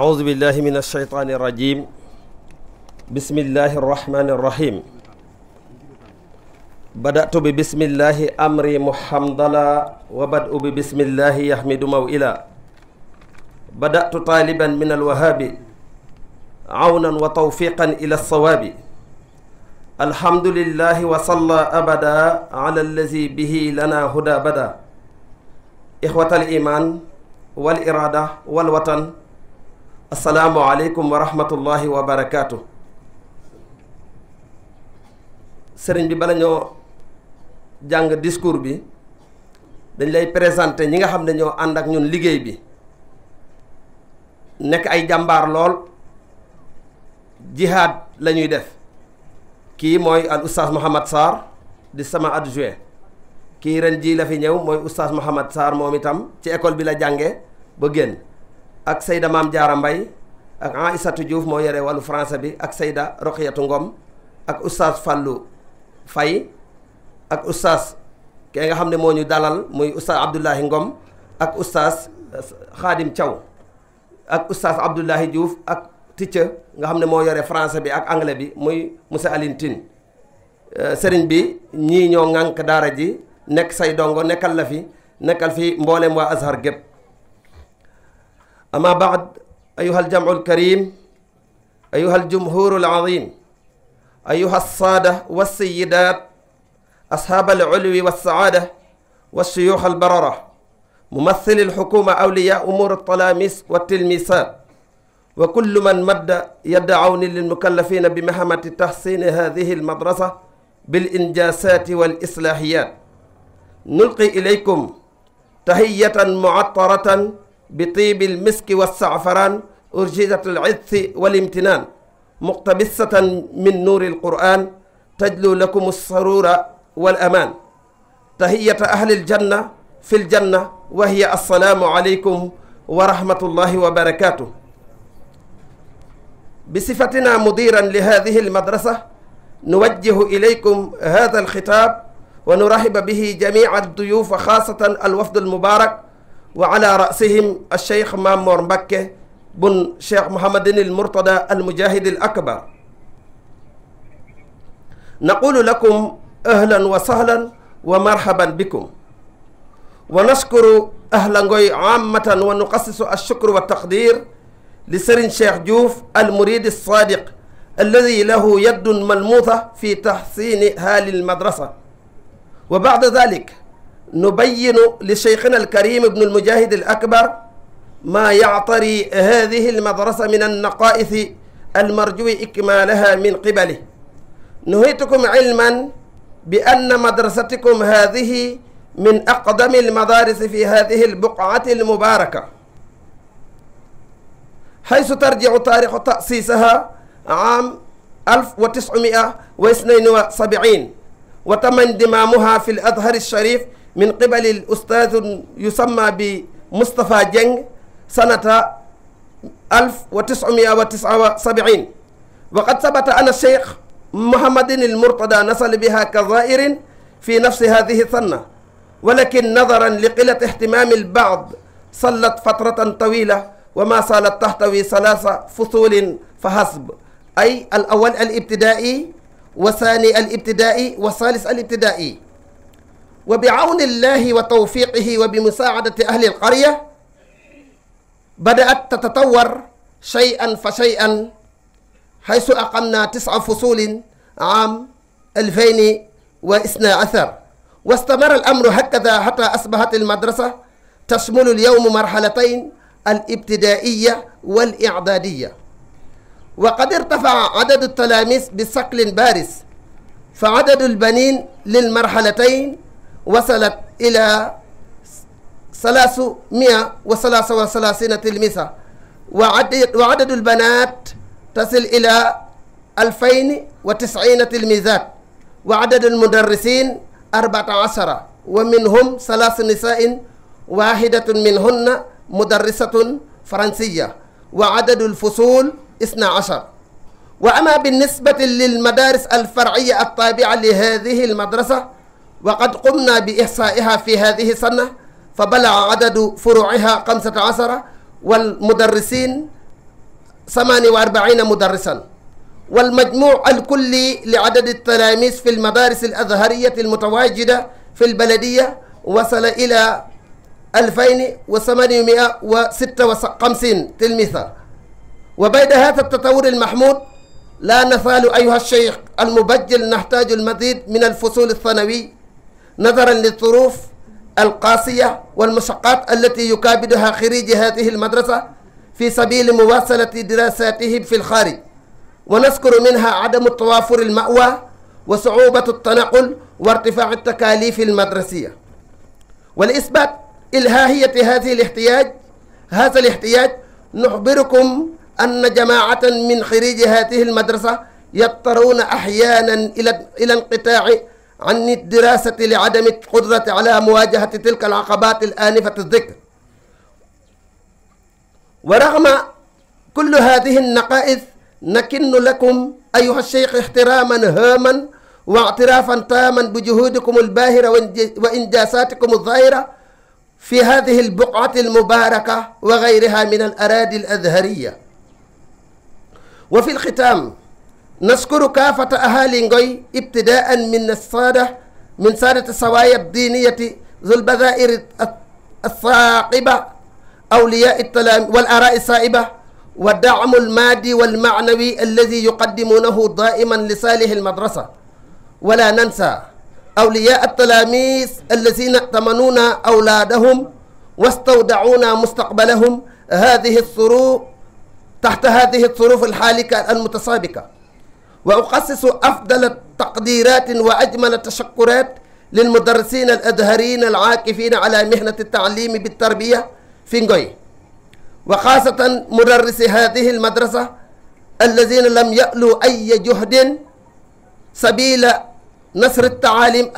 أعوذ بالله من الشيطان الرجيم بسم الله الرحمن الرحيم بدأت ببسم الله أمري محمدلا وبدء ببسم الله يحمد موئلا بدأت طالبا من الوهاب عونا وتوفيقا إلى الصواب الحمد لله وصلى أبدا على الذي به لنا هدى بدا إخوة الإيمان والإرادة والوطن Assalamualaikum warahmatullahi warahmatullahi wabarakatuh. Serigne diskurbi bi bala ñoo jang discours bi dañ lay présenter ñi nga xamne ñoo and ak ñun liggéey bi nek ay jambar lol jihad la def ki moy al oustaz Mouhamad Sarr di sama adjoint ki ren ji la fi ñew moy oustaz mitam Sarr momitam ci école bi la jangé ba génn ak sayda maam jaara mbay ak Aïssatou Diouf moo yore wàllu français bi ak sayda roqiyatu ngoom ak oustaz fàllu fay ak oustaz kee nga xam ne moo ñu dalal muy oustaz abdoulahi ngoom ak oustaz xaadim euh, thiaw ak oustaz abdoulahi diouf ak ticca nga xam ne moo yore français bi ak anglais bi muy monsieur Aline Tine euh, sëriñ bi ñii ñoo ŋànk daara ji nekk say dongo nekkal la fi nekkal fi mboolem waa Azhar gépp أما بعد أيها الجمع الكريم أيها الجمهور العظيم أيها الصادة والسيدات أصحاب العلو والسعادة والشيوخ البررة ممثل الحكومة أولياء أمور الطلاميس والتلميسات وكل من مد يد عون للمكلفين بمهمة تحسين هذه المدرسة بالإنجازات والإصلاحيات نلقي إليكم تهية معطرة بطيب المسك والسعفران أرجزة العث والامتنان مقتبسة من نور القرآن تجلو لكم السرور والأمان تهية أهل الجنة في الجنة وهي السلام عليكم ورحمة الله وبركاته بصفتنا مديرا لهذه المدرسة نوجه إليكم هذا الخطاب ونرحب به جميع الضيوف خاصة الوفد المبارك وعلى رأسهم الشيخ مامور مكة بن شيخ محمد المرتضى المجاهد الأكبر نقول لكم أهلا وسهلا ومرحبا بكم ونشكر أهلا غوي عامة ونقصص الشكر والتقدير لسرين شيخ جوف المريد الصادق الذي له يد ملموثة في تحسين هال المدرسة وبعد ذلك نبين لشيخنا الكريم ابن المجاهد الأكبر ما يعطري هذه المدرسة من النقائص المرجو إكمالها من قبله نهيتكم علما بأن مدرستكم هذه من أقدم المدارس في هذه البقعة المباركة حيث ترجع تاريخ تأسيسها عام 1972 وتم انضمامها في الأزهر الشريف من قبل الأستاذ يسمى بمصطفى جنج سنة 1979 وقد ثبت أن الشيخ محمد المرتضى نصل بها كظائر في نفس هذه الثنة ولكن نظرا لقلة اهتمام البعض صلت فترة طويلة وما صالت تحتوي ثلاث فصول فحسب أي الأول الابتدائي والثاني الابتدائي والثالث الابتدائي وبعون الله وتوفيقه وبمساعدة أهل القرية بدأت تتطور شيئا فشيئا حيث أقمنا تسع فصول عام 2012 واستمر الأمر هكذا حتى أصبحت المدرسة تشمل اليوم مرحلتين الابتدائية والإعدادية وقد ارتفع عدد التلاميذ بشكل بارز فعدد البنين للمرحلتين وصلت إلى ثلاثمائة وثلاثة وثلاثين تلميذا وعدد, وعدد البنات تصل إلى ألفين وتسعين تلميذات وعدد المدرسين أربعة عشر ومنهم ثلاث نساء واحدة منهن مدرسة فرنسية وعدد الفصول 12 وأما بالنسبة للمدارس الفرعية التابعة لهذه المدرسة وقد قمنا بإحصائها في هذه السنة فبلغ عدد فروعها خمسة عشر والمدرسين ثمانية وأربعين مدرسا والمجموع الكلي لعدد التلاميذ في المدارس الأزهرية المتواجدة في البلدية وصل إلى 2856 تلميذا وبعد هذا التطور المحمود لا نزال أيها الشيخ المبجل نحتاج المزيد من الفصول الثانوي نظرا للظروف القاسية والمشقات التي يكابدها خريج هذه المدرسة في سبيل مواصلة دراساتهم في الخارج ونذكر منها عدم توافر المأوى وصعوبة التنقل وارتفاع التكاليف المدرسية ولإثبات إلهاهية هذه الاحتياج هذا الاحتياج نخبركم أن جماعة من خريج هذه المدرسة يضطرون أحيانا إلى إلى انقطاع عن الدراسة لعدم القدرة على مواجهة تلك العقبات الآنفة الذكر ورغم كل هذه النقائص نكن لكم أيها الشيخ احتراما هاما واعترافا تاما بجهودكم الباهرة وإنجازاتكم الظاهرة في هذه البقعة المباركة وغيرها من الأراضي الأزهرية وفي الختام نشكر كافة أهالي نغوي ابتداء من السادة من سادة السوايا الدينية ذو البذائر الثاقبة أولياء التلام والآراء السائبة والدعم المادي والمعنوي الذي يقدمونه دائما لصالح المدرسة ولا ننسى أولياء التلاميذ الذين ائتمنونا أولادهم واستودعونا مستقبلهم هذه الظروف تحت هذه الظروف الحالكة المتسابقة وأخصص أفضل التقديرات وأجمل التشكرات للمدرسين الأزهريين العاكفين على مهنة التعليم بالتربية في نجوي وخاصة مدرسي هذه المدرسة الذين لم يألوا أي جهد سبيل نصر التعاليم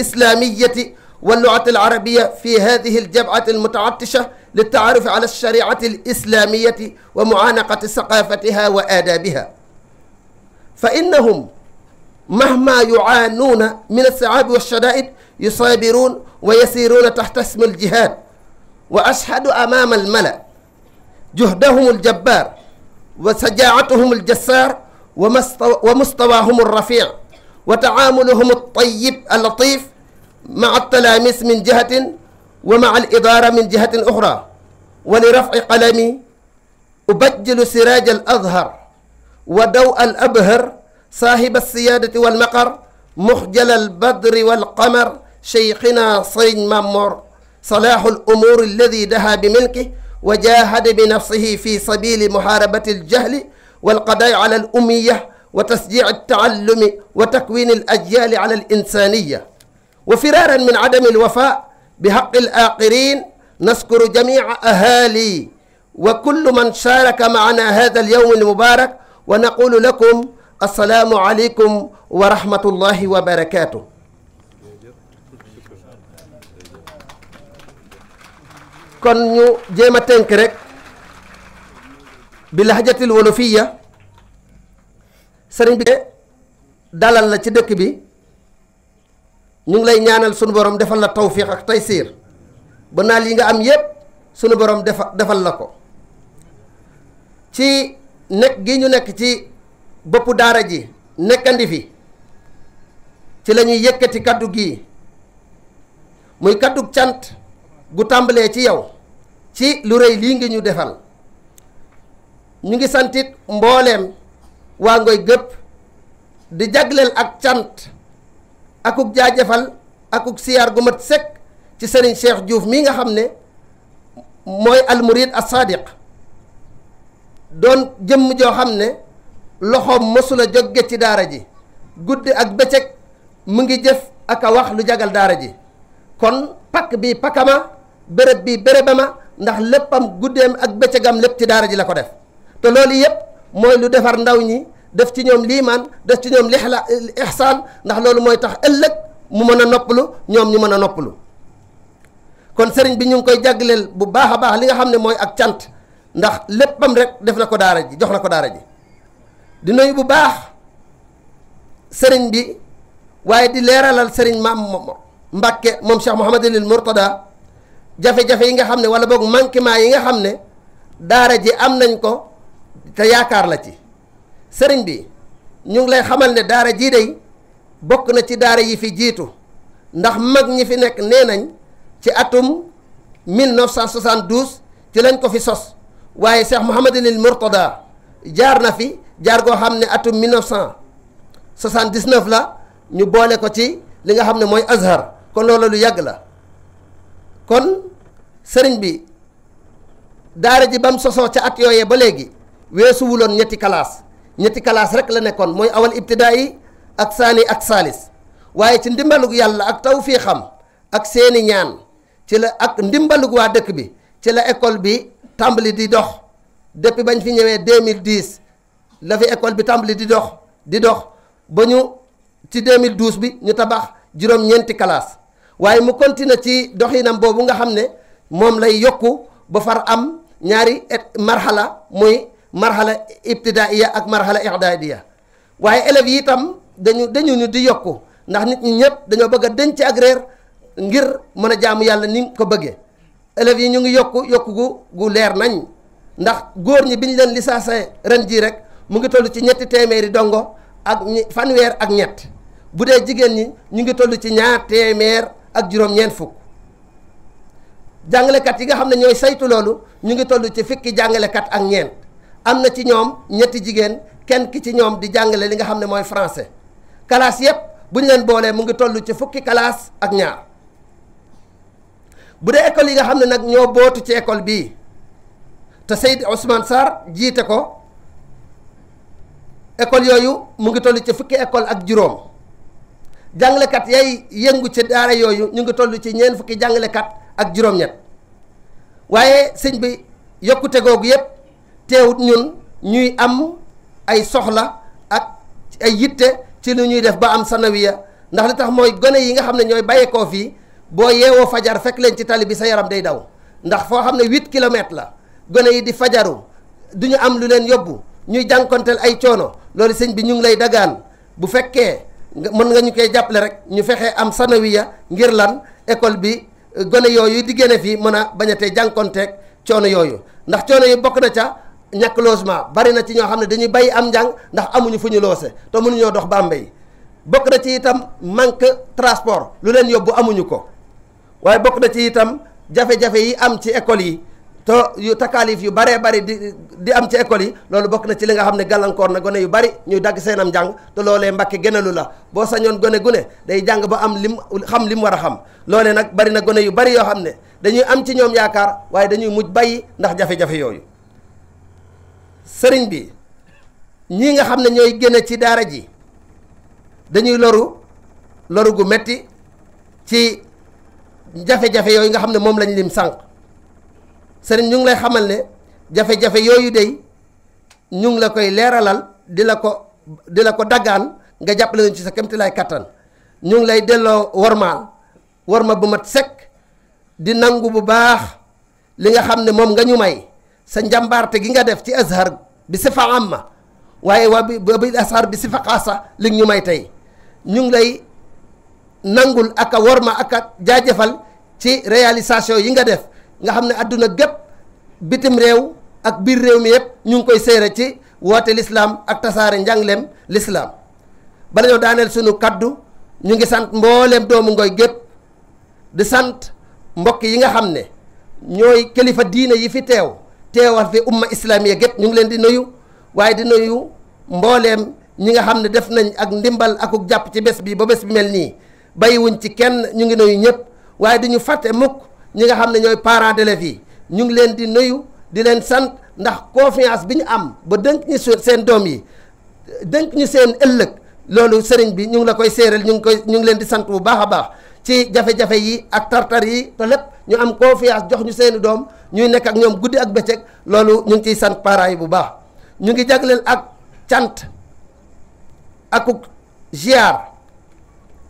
الإسلامية واللغة العربية في هذه الجبعة المتعطشة للتعرف على الشريعة الإسلامية ومعانقة ثقافتها وآدابها فإنهم مهما يعانون من الصعاب والشدائد يصابرون ويسيرون تحت اسم الجهاد وأشهد أمام الملأ جهدهم الجبار وسجاعتهم الجسار ومستواهم الرفيع وتعاملهم الطيب اللطيف مع التلاميذ من جهة ومع الإدارة من جهة أخرى ولرفع قلمي أبجل سراج الأزهر ودوء الأبهر صاحب السيادة والمقر مخجل البدر والقمر شيخنا صين ممر صلاح الأمور الذي دها بملكه وجاهد بنفسه في سبيل محاربة الجهل والقضاء على الأمية وتشجيع التعلم وتكوين الأجيال على الإنسانية وفرارا من عدم الوفاء بحق الآخرين نشكر جميع أهالي وكل من شارك معنا هذا اليوم المبارك wa naqulu lakum assalaamu aleykum wa rahmatullahi wa barakaatu kon ñu jéem a tënk rek bi lahjatil wolofiya sëriñ bi dalal la ci dëkk bi ñu ngi lay ñaanal sunu borom defal la tawfiq ak taysiir ba naal yi nga am yépp sunu borom defal defal la ko Nek gi ñu nek ci boppu daara ji nekkandi fi ci lañuy ñuy yëkkati kaddu gi muy kaddu cant gu tambalé ci yow ci lu reey li ngi ñu defal ñu ngi santit mbolem wa Ngoy gëpp di ak cant akuk jaajëfal akuk siar gu mat sek, ci serigne Cheikh Diouf mi nga xam ne al murid as-sadiq doon jëmm joo xam ne loxoom mësula jóge ci daara ji guddi ak bëccëg mu ngi jëf ak wax lu jagal daara ji kon pakk bi pakama béréb bi bérébama ndax léppam guddeem ak bëccëgam lépp ci daara ji la ko def te loolu yëpp mooy lu defar ndaw ñi def ci ñoom liimaan def ci ñoom lixla ixsaan ndax loolu mooy tax ëllëg mu mën a noppalu ñoom ñu mën a noppalu kon sëriñ bi ñu ngi koy jagleel bu baax a baax li nga xam ne mooy ak cant ndax léppam rek def na ko daara ji jox na ko daara ji di nuyu bu baax sëriñ bi waaye di leeralal sëriñ maam Mbàkke moom Cheikh Mouhamadulil Mourtada jafe-jafe yi nga xam ne wala boog manquement yi nga xam ne daara ji am nañ ko te yaakaar la ci sëriñ bi ñu ngi lay xamal ne daara jii day bokk na ci daara yi fi jiitu ndax mag ñi fi nekk nee nañ ci atum 1972 ci lañ ko fi sos waaye Cheikh Mouhamadulil Mourtada jaar na fi jaar goo xam ne atum 1979 la ñu boole ko ci li nga xam ne mooy Azhar kon loolu lu yàgg la kon sëriñ bi daara ji bam sosoo ca at yooyee ba léegi weesu wuloon ñetti kalaas ñetti kalaas rek la nekkoon mooy awal ibtidaa ak saani ak saalis waaye ci ndimbalug yàlla ak taw fii xam ak seeni ñaan ci la ak ndimbalug waa dëkk bi ci la école bi tambali di dox depuis bañ fi ñëwé 2010 la fi école bi tambali di dox di dox ba ñu ci 2012 bi ñu tabax juróom ñenti classe waaye mu continuer ci doxinam boobu nga xam ne moom lay yokku ba far am ñaari marhala muy marhala ibtidaiya ak marhala ihdadiya waaye élève yi tam dañu dañu ñu di yokku ndax nit ñi ñëpp dañoo bëgg a denc ak ngir mën a jaamu yàlla ni ko bëggee élèves yi ñu ngi yokk yokku gu gu leer nañ ndax góor ñi bi ñu leen licencié ren jii rek mu ngi toll ci ñetti téeméeri dongo ak fanweer ak ñett bu dee jigéen ñi ñu ngi toll ci ñaar téeméer ak juróom-ñeent fukk jàngalekat yi nga xam ne ñooy saytu loolu ñu ngi toll ci fukki jàngalekat ak ñeent am na ci ñoom ñetti jigéen kenn ki ci ñoom di jàngale li nga xam ne mooy français classe yépp bu ñu leen boolee mu ngi toll ci fukki kalaas ak ñaar. bu dee école yi nga xam ne nag ñoo bootu ci école bii te Seyd Ousmane Sarr jiite ko école yooyu mu ngi toll ci fukki école ak juróom jàngalekat yay yëngu ci daara yooyu ñu ngi toll ci ñeent fukki jàngalekat ak juróom-ñett waaye sëñ bi yokkute googu yëpp teewut ñun ñuy am ay soxla ak ay yitte ci lu ñuy def ba am sanawiya ndax li tax mooy gone yi nga xam ne ñooy bàyyeekoo fii. bo yewo fajar fek len ci tali bi sa yaram day daw ndax fo xamne 8 km la gone yi di fajaru duñu am lu len yobbu ñuy jankontel ay coono loolu señ bi ñu lay dagan, bu fekke mën nga ñu koy jappel rek ñu fexé am sanawiya ngir lan école bi gone yoyu di génne fii mën a bañ a tee jànkonteeg ndax coono yi bokk na ca ñak logement bari na ci ño xamne dañuy bay am jang ndax amuñu fuñu losé to mënu ñoo dox bambay bokk na ci itam manque transport lu len yobbu amuñu ko. waaye bokk na ci itam jafe-jafe yi am ci école yi te yu takaalif yu baree bari di di am ci école yi loolu bokk na ci li nga xam ne gàllankoor na gone yu bari ñuy dagg seenam njàng te loolee mbàkke gënalu la boo sañoon gone gu ne day jàng ba am lim xam lim war a xam loole nag bari na gone yu bari yoo xam ne dañuy am ci ñoom yaakaar waaye dañuy mujj bàyyi ndax jafe-jafe yooyu sëriñ bi ñii nga xam ne ñooy génne ci daara ji dañuy loru loru gu metti ci jafe-jafe yoy nga xamné mom lañ lim sank sëriñ ñu ngi lay xamal né jafe-jafe yoyu day ñu ngi la koy léralal dila ko dila ko dagan nga japp leen ci sa lay katan ñu ngi lay delloo wormal warma bu mat sekk di nangu bu baax li nga xamné mom nga ñu may sa njambarte gi nga def ci azhar bi sifa amma waye wa bi bi azhar bi sifa qasa li ñu may tay ñu ngi lay nangul aka worma warma ak ci réalisation yi nga def nga xam ne àdduna gépp bitim réew ak biir réew mi yëpp ñu ngi koy séere ci woote lislaam ak tasaare njàngleem lislaam bala ñoo daaneel sunu kaddu ñu ngi sant mbooleem doomu ngoy gépp di sant mbokk yi nga xam ne ñooy kilifa diine yi fi teew teewal fi umma islamiya gépp ñu ngi leen di nuyu waaye di nuyu mbooleem ñi nga xam ne def nañ ak ndimbal akuk jàpp ci bés bi ba bés bi mel nii bàyyiwuñ ci kenn ñu ngi noyu ñëpp waaye du ñu fàtte mukk ñi nga xam ne ñooy parent d'élèves yi ñu ngi leen di nuyu di leen sant ndax confiance bi ñu am ba dënk ñu seen doom yi dënk ñu seen ëllëg loolu sëriñ bi ñu ngi la koy séeral ñu ngi koy ñu ngi leen di sant bu baax a baax ci jafe-jafe yi ak tartar yi te ñu am confiance jox ñu seeni doom ñuy nekk ak ñoom guddi ak bëccëg loolu ñu ngi ciy sant parent yi bu baax ñu ngi jagleel ak cant akuk ziar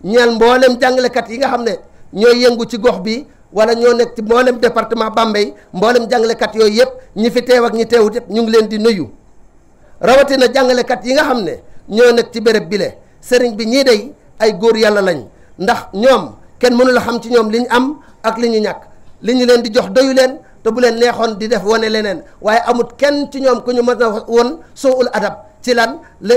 ñeel mboolem jàngalekat yi nga xam ne ñooy yëngu ci gox bi wala ñoo nekk ci mboolem département Bambey mboolem jàngalekat yooyu yëpp ñi fi teew ak ñi teewut yëpp ñu ngi leen di nuyu rawatina jàngalekat yi nga xam ne ñoo nekk ci béréb bile sëriñ bi ñii day ay góor yàlla lañ ndax ñoom kenn mënu la xam ci ñoom li ñu am ak li ñu ñàkk li ñu leen di jox doyu leen te bu leen neexoon di def wane leneen waaye amut kenn ci ñoom ku ñu mën a woon soo ul adab ci lan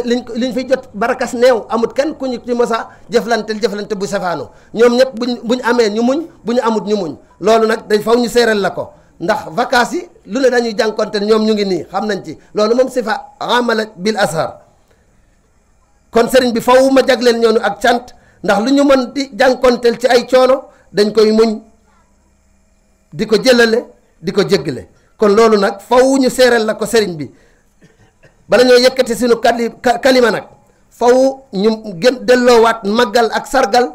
liñ liñ fi jot barakas neew amut kenn ku ñu ci mosa jëflanteel jëflante bu sefaano ñoom ñëpp bu ñu amee ñu muñ bu ñu amut ñu muñ loolu nag dañ faw ñu seeral la ko ndax vacances yi lu ne dañuy jànkoonte ñoom ñu ngi nii xam nañ ci loolu moom si fa amala bil ashar kon sëriñ bi faw ma jagleen ñoonu ak cant ndax lu ñu mën di jànkoonteel ci ay coono dañ koy muñ di ko jëlale di ko jéggale kon loolu nag faw ñu seeral la ko sëriñ bi bala ñoo yëkkati suñu kali kalima nag faw ñu gën delloowaat màggal ak sargal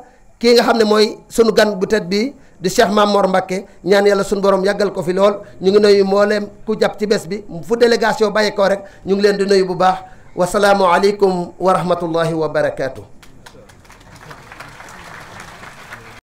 kii nga xam ne mooy suñu gan bu tedd bi di Cheikh Mamor Mbacké ñaan yàlla suñu borom yàggal ko fi lool ñu ngi nuyu mbooleem ku jàpp ci bés bi fu délégation bàyyeekoo rek ñu ngi leen di nuyu bu baax wasalaamualeykum wa rahmatullahi wa barakaatu.